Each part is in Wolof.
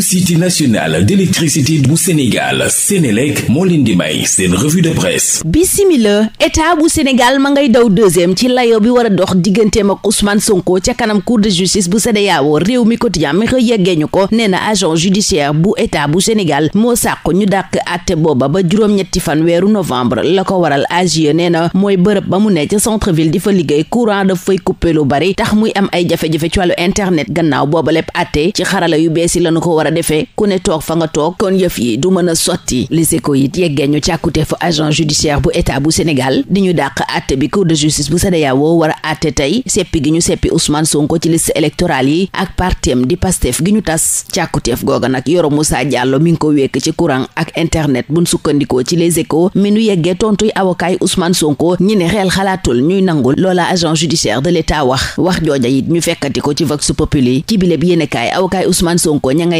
société nationale d'électricité bu Sénégal Sénélec de presse ma ngay daw deuxième ci layo bi war a dox digganteem ak Ousmane Sonko ca kanam cour de justice bu CEDEAO réew mi quotidien mi xëy yeggee ñu ko nee na agent judiciaire bu état bu Sénégal moo sàkk ñu dàq àtte booba ba juróom-ñetti fan weeru novembre la ko waral AGE nee na mooy bërëb ba mu ne ca centre ville di fa liggéey courant daf fay coupé lu bari tax muy am ay jafe-jafe ci wàllu internet gannaaw booba lépp àtte ci xarala yu war a defee ku ne toog fa nga toog kon yëf yi du mën a sotti li si yeggee ñu càkkute fa agent judiciaire bu état bu Sénégal di ñu dàq àtte bi cour de justice bu CEDEAO war a tey seppi gi ñu seppi Ousmane Sonko ci liste électorale yi ak partem di Pastef gi ñu tas càkkuteef googa nag Yoro Moussa Diallo mi ngi ko wékk ci courant ak internet buñ sukkandikoo ci les échos mi nu yeggee tontuy avokaay Ousmane Sonko ñi ne xel xalaatul ñuy nangul loola agent judiciaire de l'état wax ñu fekkati ko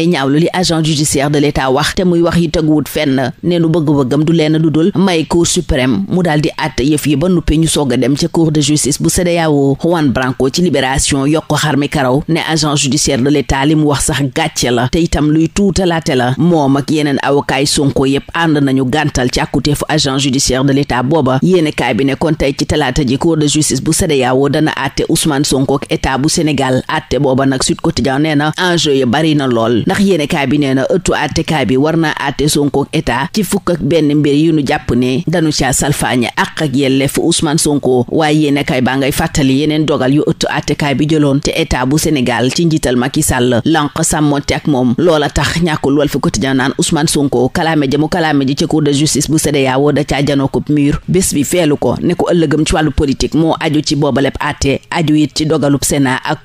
ngay ñaawlu li agent judiciaire de l'état wax te muy wax yi teguwut fenn neenu bëgg-bëggam du leen lu dul may cour suprême mu daal di àtt yëf yi ba nuppi ñu soog a dem ca cour de justice bu CEDEAO Juan Branco ci libération yokk xar mi karaw ne agent judiciaire de l'état li mu wax sax gàcce la te itam luy tuutalaate la moom ak yeneen awokaay Sonko yépp ànd nañu gàntal ci àkkuteefu agent judiciaire de l'état booba yéene kaay bi ne kon tey ci talaata ji cour de justice bu CEDEAO dana àtte Ousmane Sonko ak état bu Sénégal àtte booba nag Sud Quotidien nee na enjeu yi na lool sax yéenekaay bi nee na ëttu àttekaay war naa àtte Sonko ak ci fukk benn mbir yu nu jàpp ne danu caa salfaañe àq ak yelleef Ousmane Sonko waaye yéenekaay baa ngay fàttali yeneen dogal yu ëttu àttekaay bi jëloon te état bu Sénégal ci njiital Macky Sall lanq sàmmonte ak moom loola tax ñàkkul Walf Quotidien naan Ousmane Sonko kalaame jamu kalaame ji ci cour de justice bu CEDEAO da caa janoo ko bés bi feelu ko ne ko ëllëgëm ci wàllu politique moo aju ci boobaleb àtte aju it ci dogalub Sénat ak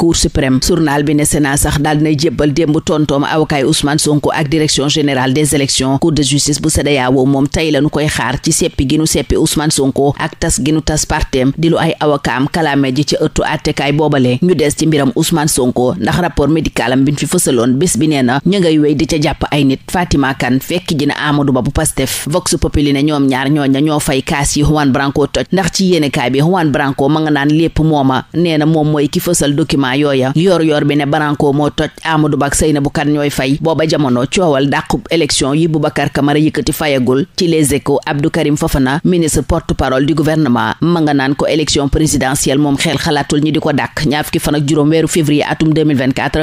bi ne Sénat sax daal dinay jébbal démb tontoom avocat Ousmane Sonko ak direction générale des élections cour de justice bu CEDEAO moom tey koy xaar ci seppi gi nu seppi Ousmane Sonko ak tas gi nu tas partem di ay avocaam kalaame ji ci ëttu àttekaay boobale ñu des ci mbiram Ousmane Sonko ndax rapport médicalam bi ñu fi fësaloon bés bi nee na ñu ngay di ca jàpp ay nit Fatima fekk ji na Amadou Ba bu Pastef Vox Populi ñoom ñaar ñooña ñoo fay kaas yi Juan toj ndax ci yéenekaay bi ma nga naan lépp mooma nee na moom mooy ki fësal document yooya yor yor bi ne Branco moo toj fay booba jamono coowal dàqub élection yi Boubacar Camara yëkkati fayagul ci les échos Abdou Karim Fofana ministre porte-parole du gouvernement ma nga naan ko élection présidentielle moom xel xalaatul ñi di ko dàq ñaar fukki fan juróom weeru février atum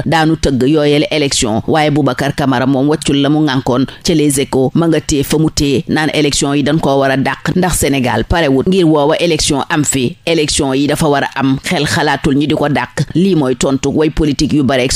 daanu tëgg yooyele élection waaye Boubacar Camara moom wàccul la mu ngànkoon ci les ma nga tee fa mu tee naan élection yi dañ koo war a dàq ndax Sénégal parewut ngir woowa élection am fi élection yi dafa war a am xel xalaatul ñi di ko dàq lii mooy tontu way politique yu bareek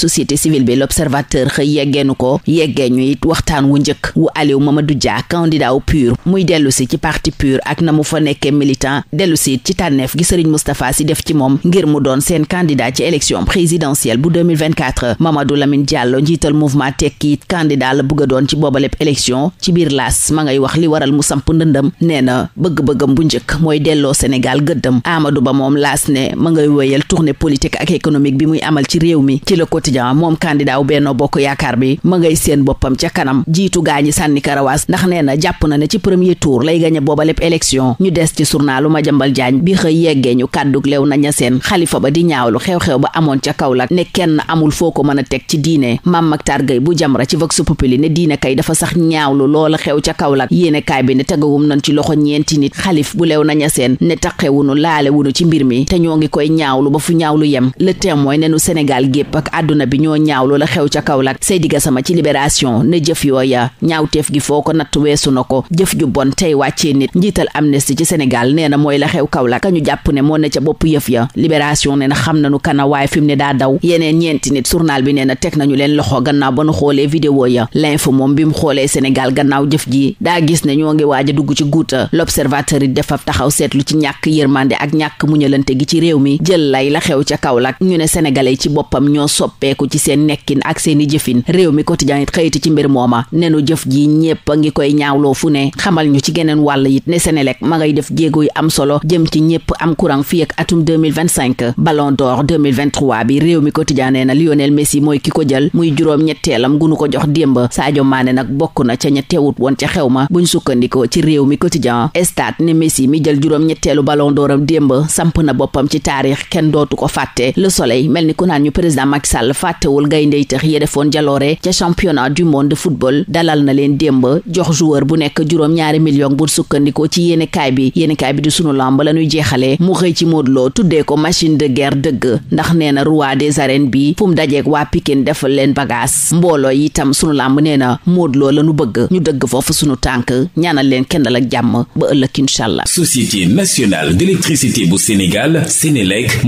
yeggeenu ko yeggee ñu waxtaan wu njëkk wu Aliou Mamadou Dia candidat wu PUR muy dellu si ci parti PUR ak na mu fa nekkee militant dellu si ci tànneef gi Serigne Moustapha Sy def ci moom ngir mu doon seen candidat ci élection présidentielle bu 2024 Mamadou Lamine Diallo njiital mouvement tekki it candidat la bëgg a doon ci boobaleb élection ci biir laas ma ngay wax li waral mu samp ndëndam nee na bëgg-bëggam bu njëkk mooy delloo Sénégal gëddam Amadou Ba moom laas ne ma ngay wéyal tournée politique ak économique bi muy amal ci réew mi bi ma ngay seen boppam ca kanam jiitu gaañi sànni karawaas ndax nee na jàpp na ne ci premier tour lay gañe booba lépp élection ñu des ci journalu Madiambal Diagne bi xëy yeggee ñu kàddug lew naña seen xalifa ba di ñaawlu xew-xew ba amoon ca Kaolack ne kenn amul foo ko mën a teg ci diine Mame Mactar Gueye bu Jamra ci Vox Populi ne diine kay dafa sax ñaawlu loola xew ca Kaolack yéene kaay bi ne tegawum nañ ci loxo ñeenti nit xalif bu lew naña seen ne taqewunu ci mbir mi te ñoo ngi koy ñaawlu ba fu ñaawlu yem le témoin ne nu Sénégal bi ñoo ñaawlu la xew ca Seydi Gassama ci libération ne jëf yooya ñaawteef gi foo ko natt weesu na ko jëf ju bon tey wàccee nit njiital Amnesty ci Sénégal nee na mooy la xew Kaolack ka ñu jàpp ne moo ne ca yëf ya libération nee na xam nañu kana waaye fi mu ne daa daw yeneen ñeenti nit journal bi nee na teg nañu leen loxo gannaaw ba nu xoolee vidéo ya moom bi mu xoolee Sénégal gannaaw jëf ji daa gis ne ñoo ngi waaja dugg ci guuta l'observateur yi dafa taxaw seetlu ci ñàkk yërmande ak ñàkk muñalante gi ci réew mi jël lay la xew ca Kaolack ñu ne sénégalais ci boppam ñoo soppeeku ci seen nekkin ak seeni jëfin réew mi quotidien it xëyiti ci mbir mooma nenu jëf ji ñépp a ngi koy ñaawloo fu ne xamal ñu ci geneen wàll it ne Senelec ma ngay def jéego yu am solo jëm ci ñépp am courant fii ak atum 2025 ballon d'or 2023 bi réew mi quotidien nee na Lionel Messi mooy ki ko jël muy juróom ñetteelam gunu ko jox démb Sadio nag bokk na ca ña teewut woon ca xew ma buñ sukkandikoo ci réew mi quotidien stade ne Messi mi jël juróom ñetteelu ballon d'oram démb samp na boppam ci taarix kenn dootu ko fàtte le soleil mel ni ku naan ñu président Macky Sall jaloore ca championnat du monde de football dalal na leen démb jox joueur bu nekk juróom ñaari million bu sukkandikoo ci yéene kaay bi yéene kaay bi di sunu lamb la ñuy jeexale mu xëy ci Modou Lo tuddee ko machine de guerre dëgg ndax nee na roi des arènes bi fu mu dajeek waa Pikine defal leen bagaas mbooloo tam sunu lamb nee na Modou Lo la ñu bëgg ñu dëgg foofu sunu tànk ñaanal leen kendal ak jàmm ba ëllëg incha allah. Société nationale d'électricité bu Sénégal Sénélec